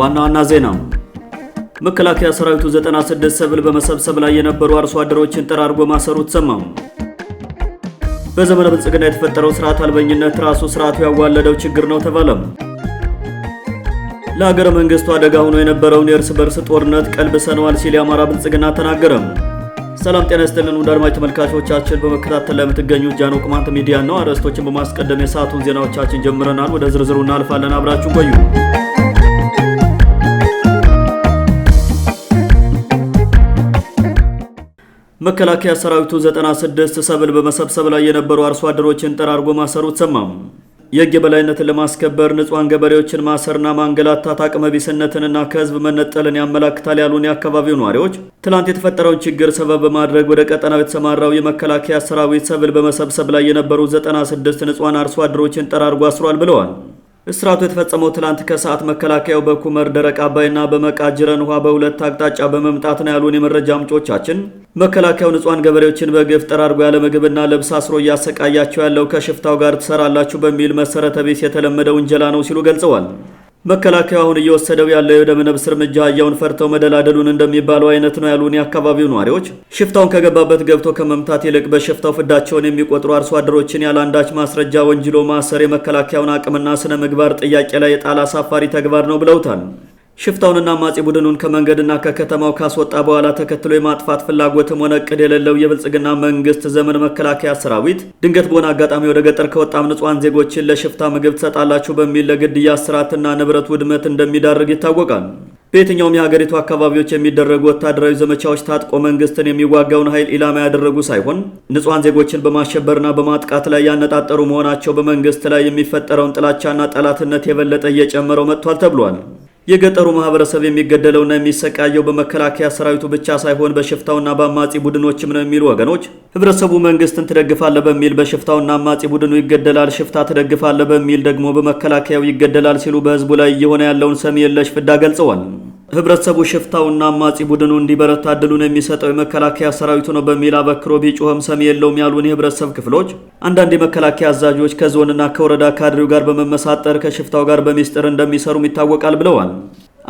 ዋና ዋና ዜና መከላከያ ሰራዊቱ 96 ሰብል በመሰብሰብ ላይ የነበሩ አርሶ አደሮችን ጠራርጎ ማሰሩ ተሰማም። በዘመነ ብልጽግና የተፈጠረው ስርዓት አልበኝነት ራሱ ስርዓቱ ያዋለደው ችግር ነው ተባለም። ለሀገረ መንግስቱ አደጋ ሆኖ የነበረውን የእርስ በርስ ጦርነት ቀልብሰነዋል ሲል የአማራ ብልጽግና ተናገረም። ሰላም ጤና ይስጥልን ውድ አድማጭ ተመልካቾቻችን፣ በመከታተል ላይ የምትገኙ ጃኖ ቅማንት ሚዲያ ነው። አርዕስቶችን በማስቀደም የሰዓቱን ዜናዎቻችን ጀምረናል። ወደ ዝርዝሩ እናልፋለን። አብራችሁ ቆዩ። መከላከያ ሰራዊቱ 96 ሰብል በመሰብሰብ ላይ የነበሩ አርሶ አደሮችን ጠራርጎ ማሰሩ ተሰማም። የሕግ የበላይነትን ለማስከበር ንጹሐን ገበሬዎችን ማሰርና ማንገላታት አቅመ ቢስነትንና ከህዝብ መነጠልን ያመላክታል ያሉን የአካባቢው ነዋሪዎች ትላንት የተፈጠረውን ችግር ሰበብ በማድረግ ወደ ቀጠናው የተሰማራው የመከላከያ ሰራዊት ሰብል በመሰብሰብ ላይ የነበሩ 96 ንጹሐን አርሶ አደሮችን ጠራርጎ አስሯል ብለዋል። እስራቱ የተፈጸመው ትላንት ከሰዓት መከላከያው በኩመር ደረቅ አባይና በመቃ ጅረን ውሃ በሁለት አቅጣጫ በመምጣት ነው ያሉን የመረጃ ምንጮቻችን። መከላከያው ንጹሐን ገበሬዎችን በግፍ ጠራርጎ ያለ ምግብና ልብስ አስሮ እያሰቃያቸው ያለው ከሽፍታው ጋር ትሰራላችሁ በሚል መሰረተ ቢስ የተለመደ ውንጀላ ነው ሲሉ ገልጸዋል። መከላከያ አሁን እየወሰደው ያለው የደመ ነብስ እርምጃ አህያውን ፈርተው መደላደሉን እንደሚባለው አይነት ነው ያሉን የአካባቢው ነዋሪዎች፣ ሽፍታውን ከገባበት ገብቶ ከመምታት ይልቅ በሽፍታው ፍዳቸውን የሚቆጥሩ አርሶ አደሮችን ያለ አንዳች ማስረጃ ወንጅሎ ማሰር የመከላከያውን አቅምና ስነ ምግባር ጥያቄ ላይ የጣል አሳፋሪ ተግባር ነው ብለውታል። ሽፍታውንና አማጺ ቡድኑን ከመንገድና ከከተማው ካስወጣ በኋላ ተከትሎ የማጥፋት ፍላጎትም ሆነ እቅድ የሌለው የብልጽግና መንግስት ዘመን መከላከያ ሰራዊት ድንገት በሆነ አጋጣሚ ወደ ገጠር ከወጣም ንጹሐን ዜጎችን ለሽፍታ ምግብ ትሰጣላችሁ በሚል ለግድያ ስርዓትና ንብረት ውድመት እንደሚዳርግ ይታወቃል። በየትኛውም የሀገሪቱ አካባቢዎች የሚደረጉ ወታደራዊ ዘመቻዎች ታጥቆ መንግስትን የሚዋጋውን ኃይል ኢላማ ያደረጉ ሳይሆን ንጹሐን ዜጎችን በማሸበርና በማጥቃት ላይ ያነጣጠሩ መሆናቸው በመንግስት ላይ የሚፈጠረውን ጥላቻና ጠላትነት የበለጠ እየጨመረው መጥቷል ተብሏል። የገጠሩ ማህበረሰብ የሚገደለውና የሚሰቃየው በመከላከያ ሰራዊቱ ብቻ ሳይሆን በሽፍታውና በአማጺ ቡድኖችም ነው የሚሉ ወገኖች ህብረተሰቡ መንግስትን ትደግፋለ በሚል በሽፍታውና አማጺ ቡድኑ ይገደላል፣ ሽፍታ ትደግፋለ በሚል ደግሞ በመከላከያው ይገደላል ሲሉ በህዝቡ ላይ እየሆነ ያለውን ሰሚ የለሽ ፍዳ ገልጸዋል። ህብረተሰቡ ሽፍታውና አማጺ ቡድኑ እንዲበረታ እድሉን የሚሰጠው የመከላከያ ሰራዊቱ ነው በሚል አበክሮ ቢጮህም ሰሚ የለውም ያሉን የህብረተሰብ ክፍሎች አንዳንድ የመከላከያ አዛዦች ከዞንና ከወረዳ ካድሬው ጋር በመመሳጠር ከሽፍታው ጋር በሚስጥር እንደሚሰሩም ይታወቃል ብለዋል።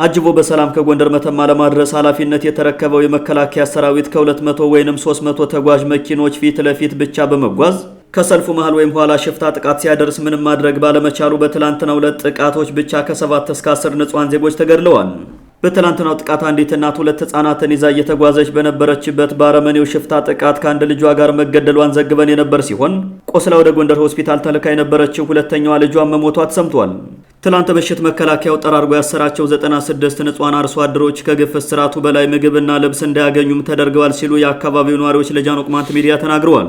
አጅቦ በሰላም ከጎንደር መተማ ለማድረስ ኃላፊነት የተረከበው የመከላከያ ሰራዊት ከ200 ወይም 300 ተጓዥ መኪኖች ፊት ለፊት ብቻ በመጓዝ ከሰልፉ መሃል ወይም ኋላ ሽፍታ ጥቃት ሲያደርስ ምንም ማድረግ ባለመቻሉ በትላንትና ሁለት ጥቃቶች ብቻ ከ7 እስከ 10 ንጹሐን ዜጎች ተገድለዋል። በትላንትናው ጥቃት አንዲት እናት ሁለት ህጻናትን ይዛ እየተጓዘች በነበረችበት በአረመኔው ሽፍታ ጥቃት ከአንድ ልጇ ጋር መገደሏን ዘግበን የነበር ሲሆን ቆስላ ወደ ጎንደር ሆስፒታል ተልካ የነበረችው ሁለተኛዋ ልጇ መሞቷ ተሰምቷል። ትላንት ምሽት መከላከያው ጠራርጎ ያሰራቸው 96 ንጹሃን አርሶ አደሮች ከግፍ እስራቱ በላይ ምግብና ልብስ እንዳያገኙም ተደርገዋል ሲሉ የአካባቢው ነዋሪዎች ለጃኖቅማንት ሚዲያ ተናግረዋል።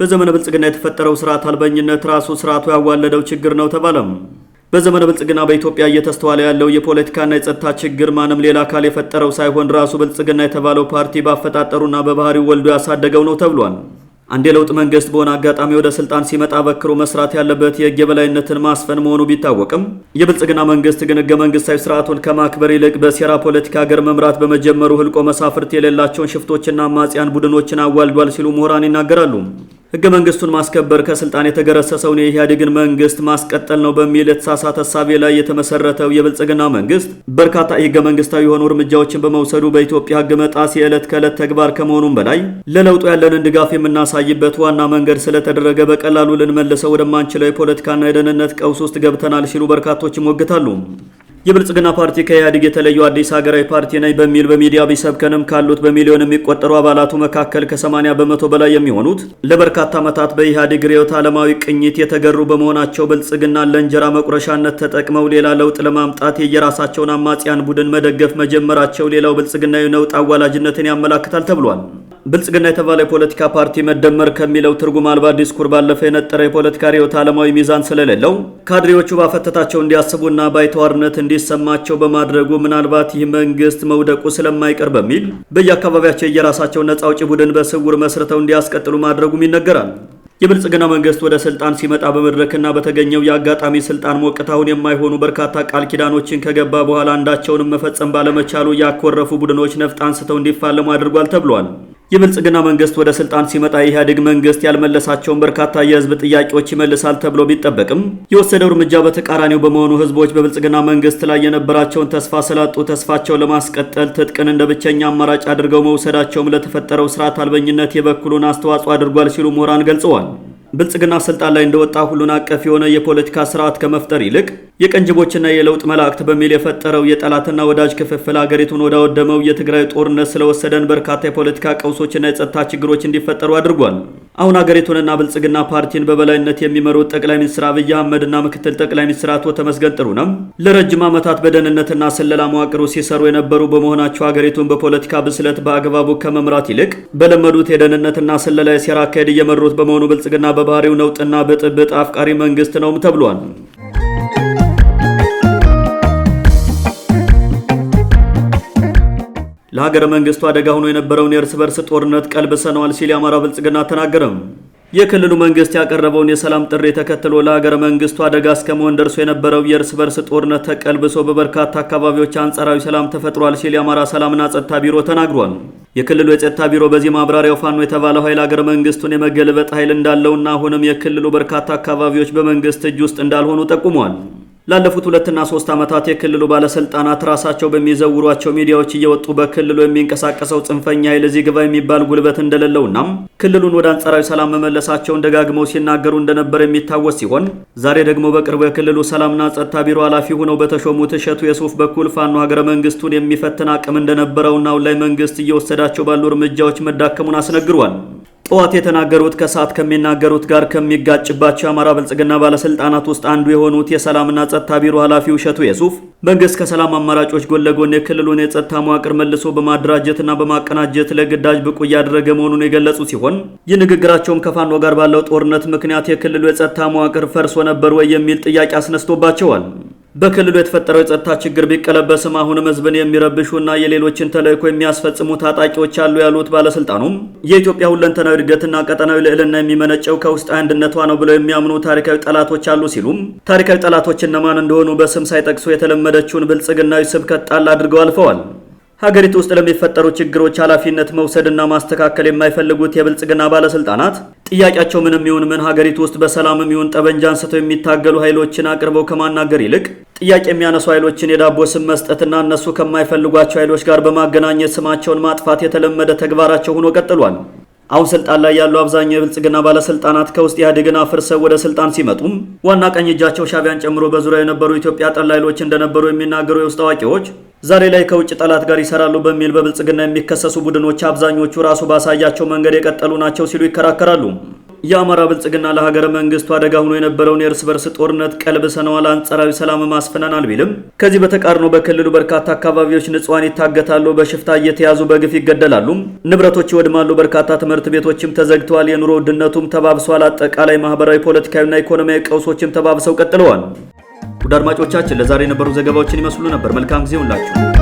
በዘመነ ብልጽግና የተፈጠረው ስርዓት አልበኝነት ራሱ ስርዓቱ ያዋለደው ችግር ነው ተባለም። በዘመነ ብልጽግና በኢትዮጵያ እየተስተዋለ ያለው የፖለቲካና የጸጥታ ችግር ማንም ሌላ አካል የፈጠረው ሳይሆን ራሱ ብልጽግና የተባለው ፓርቲ ባፈጣጠሩና በባህሪው ወልዶ ያሳደገው ነው ተብሏል። አንድ የለውጥ መንግስት በሆነ አጋጣሚ ወደ ስልጣን ሲመጣ በክሮ መስራት ያለበት የህግ የበላይነትን ማስፈን መሆኑ ቢታወቅም የብልጽግና መንግስት ግን ህገ መንግስታዊ ስርዓቱን ከማክበር ይልቅ በሴራ ፖለቲካ ሀገር መምራት በመጀመሩ ህልቆ መሳፍርት የሌላቸውን ሽፍቶችና አማጽያን ቡድኖችን አዋልዷል ሲሉ ምሁራን ይናገራሉ። ህገ መንግስቱን ማስከበር ከስልጣን የተገረሰሰውን የኢህአዴግን መንግስት ማስቀጠል ነው በሚል የተሳሳተ እሳቤ ላይ የተመሰረተው የብልጽግና መንግስት በርካታ የህገ መንግስታዊ የሆኑ እርምጃዎችን በመውሰዱ በኢትዮጵያ ህግ መጣስ የዕለት ከዕለት ተግባር ከመሆኑም በላይ ለለውጡ ያለንን ድጋፍ የምናሳይበት ዋና መንገድ ስለተደረገ በቀላሉ ልንመልሰው ወደማንችለው የፖለቲካና የደህንነት ቀውስ ውስጥ ገብተናል ሲሉ በርካቶች ይሞግታሉ። የብልጽግና ፓርቲ ከኢህአዴግ የተለዩ አዲስ ሀገራዊ ፓርቲ ነኝ በሚል በሚዲያ ቢሰብከንም ካሉት በሚሊዮን የሚቆጠሩ አባላቱ መካከል ከ80 በመቶ በላይ የሚሆኑት ለበርካታ ዓመታት በኢህአዴግ ርዕዮተ ዓለማዊ ቅኝት የተገሩ በመሆናቸው ብልጽግና ለእንጀራ መቁረሻነት ተጠቅመው ሌላ ለውጥ ለማምጣት የየራሳቸውን አማጽያን ቡድን መደገፍ መጀመራቸው ሌላው ብልጽግናዊ ነውጥ አዋላጅነትን ያመላክታል ተብሏል። ብልጽግና የተባለ የፖለቲካ ፓርቲ መደመር ከሚለው ትርጉም አልባ ዲስኩር ባለፈ የነጠረ የፖለቲካ ርዕዮተ ዓለማዊ ሚዛን ስለሌለው ካድሬዎቹ ባፈተታቸው እንዲያስቡና ባይተዋርነት እንዲሰማቸው በማድረጉ ምናልባት ይህ መንግስት መውደቁ ስለማይቀር በሚል በየአካባቢያቸው የየራሳቸው ነጻ አውጪ ቡድን በስውር መስርተው እንዲያስቀጥሉ ማድረጉም ይነገራል። የብልጽግና መንግስት ወደ ስልጣን ሲመጣ በመድረክና በተገኘው የአጋጣሚ ስልጣን አሁን የማይሆኑ በርካታ ቃል ኪዳኖችን ከገባ በኋላ አንዳቸውንም መፈጸም ባለመቻሉ ያኮረፉ ቡድኖች ነፍጥ አንስተው እንዲፋለሙ አድርጓል ተብሏል። የብልጽግና መንግስት ወደ ስልጣን ሲመጣ የኢህአዴግ መንግስት ያልመለሳቸውን በርካታ የህዝብ ጥያቄዎች ይመልሳል ተብሎ ቢጠበቅም የወሰደው እርምጃ በተቃራኒው በመሆኑ ህዝቦች በብልጽግና መንግስት ላይ የነበራቸውን ተስፋ ስላጡ ተስፋቸውን ለማስቀጠል ትጥቅን እንደ ብቸኛ አማራጭ አድርገው መውሰዳቸውም ለተፈጠረው ስርዓት አልበኝነት የበኩሉን አስተዋጽኦ አድርጓል ሲሉ ምሁራን ገልጸዋል። ብልጽግና ስልጣን ላይ እንደወጣ ሁሉን አቀፍ የሆነ የፖለቲካ ስርዓት ከመፍጠር ይልቅ የቀንጅቦችና የለውጥ መላእክት በሚል የፈጠረው የጠላትና ወዳጅ ክፍፍል አገሪቱን ወዳወደመው የትግራይ ጦርነት ስለወሰደን በርካታ የፖለቲካ ቀውሶችና የጸጥታ ችግሮች እንዲፈጠሩ አድርጓል። አሁን ሀገሪቱንና ብልጽግና ፓርቲን በበላይነት የሚመሩት ጠቅላይ ሚኒስትር አብይ አህመድና ምክትል ጠቅላይ ሚኒስትር አቶ ተመስገን ጥሩነህ ለረጅም ዓመታት በደህንነትና ስለላ መዋቅሩ ሲሰሩ የነበሩ በመሆናቸው ሀገሪቱን በፖለቲካ ብስለት በአግባቡ ከመምራት ይልቅ በለመዱት የደህንነትና ስለላ የሴራ አካሄድ እየመሩት በመሆኑ ብልጽግና በባህሪው ነውጥና ብጥብጥ አፍቃሪ መንግስት ነውም ተብሏል። ለሀገረ መንግስቱ አደጋ ሆኖ የነበረውን የእርስ በርስ ጦርነት ቀልብሰነዋል ሲል የአማራ ብልጽግና ተናገረም። የክልሉ መንግስት ያቀረበውን የሰላም ጥሪ ተከትሎ ለሀገረ መንግስቱ አደጋ እስከመሆን ደርሶ የነበረው የእርስ በርስ ጦርነት ተቀልብሶ በበርካታ አካባቢዎች አንጻራዊ ሰላም ተፈጥሯል ሲል የአማራ ሰላምና ጸጥታ ቢሮ ተናግሯል። የክልሉ የጸጥታ ቢሮ በዚህ ማብራሪያው ፋኖ የተባለው ኃይል ሀገረ መንግስቱን የመገልበጥ ኃይል እንዳለውና አሁንም የክልሉ በርካታ አካባቢዎች በመንግስት እጅ ውስጥ እንዳልሆኑ ጠቁሟል። ላለፉት ሁለትና ሶስት ዓመታት የክልሉ ባለስልጣናት ራሳቸው በሚዘውሯቸው ሚዲያዎች እየወጡ በክልሉ የሚንቀሳቀሰው ጽንፈኛ ኃይል እዚህ ግባ የሚባል ጉልበት እንደሌለውና ክልሉን ወደ አንጻራዊ ሰላም መመለሳቸውን ደጋግመው ሲናገሩ እንደነበር የሚታወስ ሲሆን ዛሬ ደግሞ በቅርቡ የክልሉ ሰላምና ጸጥታ ቢሮ ኃላፊ ሆነው በተሾሙት እሸቱ የሱፍ በኩል ፋኖ ሀገረ መንግስቱን የሚፈትን አቅም እንደነበረውና አሁን ላይ መንግስት እየወሰዳቸው ባሉ እርምጃዎች መዳከሙን አስነግሯል። ጠዋት የተናገሩት ከሰዓት ከሚናገሩት ጋር ከሚጋጭባቸው የአማራ ብልጽግና ባለስልጣናት ውስጥ አንዱ የሆኑት የሰላምና ጸጥታ ቢሮ ኃላፊ ውሸቱ የሱፍ መንግስት ከሰላም አማራጮች ጎን ለጎን የክልሉን የጸጥታ መዋቅር መልሶ በማደራጀትና በማቀናጀት ለግዳጅ ብቁ እያደረገ መሆኑን የገለጹ ሲሆን ይህ ንግግራቸውም ከፋኖ ጋር ባለው ጦርነት ምክንያት የክልሉ የጸጥታ መዋቅር ፈርሶ ነበር ወይ የሚል ጥያቄ አስነስቶባቸዋል። በክልሉ የተፈጠረው የጸጥታ ችግር ቢቀለበስም አሁንም ህዝብን የሚረብሹና የሌሎችን ተለይኮ የሚያስፈጽሙ ታጣቂዎች አሉ ያሉት ባለስልጣኑም የኢትዮጵያ ሁለንተናዊ እድገትና ቀጠናዊ ልዕልና የሚመነጨው ከውስጥ አንድነቷ ነው ብለው የሚያምኑ ታሪካዊ ጠላቶች አሉ ሲሉም ታሪካዊ ጠላቶች እነማን እንደሆኑ በስም ሳይጠቅሱ የተለመደችውን ብልጽግናዊ ስብከት ጣል አድርገው አልፈዋል። ሀገሪቱ ውስጥ ለሚፈጠሩ ችግሮች ኃላፊነት መውሰድና ማስተካከል የማይፈልጉት የብልጽግና ባለስልጣናት ጥያቄያቸው ምንም ይሁን ምን ሀገሪቱ ውስጥ በሰላም ይሁን ጠበንጃ አንስተው የሚታገሉ ኃይሎችን አቅርበው ከማናገር ይልቅ ጥያቄ የሚያነሱ ኃይሎችን የዳቦ ስም መስጠትና እነሱ ከማይፈልጓቸው ኃይሎች ጋር በማገናኘት ስማቸውን ማጥፋት የተለመደ ተግባራቸው ሆኖ ቀጥሏል። አሁን ስልጣን ላይ ያሉ አብዛኛው የብልጽግና ባለስልጣናት ከውስጥ ኢህአዴግን አፍርሰው ወደ ስልጣን ሲመጡም ዋና ቀኝ እጃቸው ሻቢያን ጨምሮ በዙሪያው የነበሩ ኢትዮጵያ ጠል ኃይሎች እንደነበሩ የሚናገሩ የውስጥ አዋቂዎች ዛሬ ላይ ከውጭ ጠላት ጋር ይሰራሉ በሚል በብልጽግና የሚከሰሱ ቡድኖች አብዛኞቹ ራሱ ባሳያቸው መንገድ የቀጠሉ ናቸው ሲሉ ይከራከራሉ። የአማራ ብልጽግና ለሀገረ መንግስቱ አደጋ ሆኖ የነበረውን የእርስ በርስ ጦርነት ቀልብሰነዋል፣ አንጻራዊ ሰላም ማስፈናናል ቢልም ከዚህ በተቃርኖ በክልሉ በርካታ አካባቢዎች ንጹሐን ይታገታሉ፣ በሽፍታ እየተያዙ በግፍ ይገደላሉ፣ ንብረቶች ይወድማሉ፣ በርካታ ትምህርት ቤቶችም ተዘግተዋል፣ የኑሮ ውድነቱም ተባብሷል። አጠቃላይ ማህበራዊ፣ ፖለቲካዊና ኢኮኖሚያዊ ቀውሶችም ተባብሰው ቀጥለዋል። ውድ አድማጮቻችን ለዛሬ የነበሩ ዘገባዎችን ይመስሉ ነበር። መልካም ጊዜ ሁላችሁ።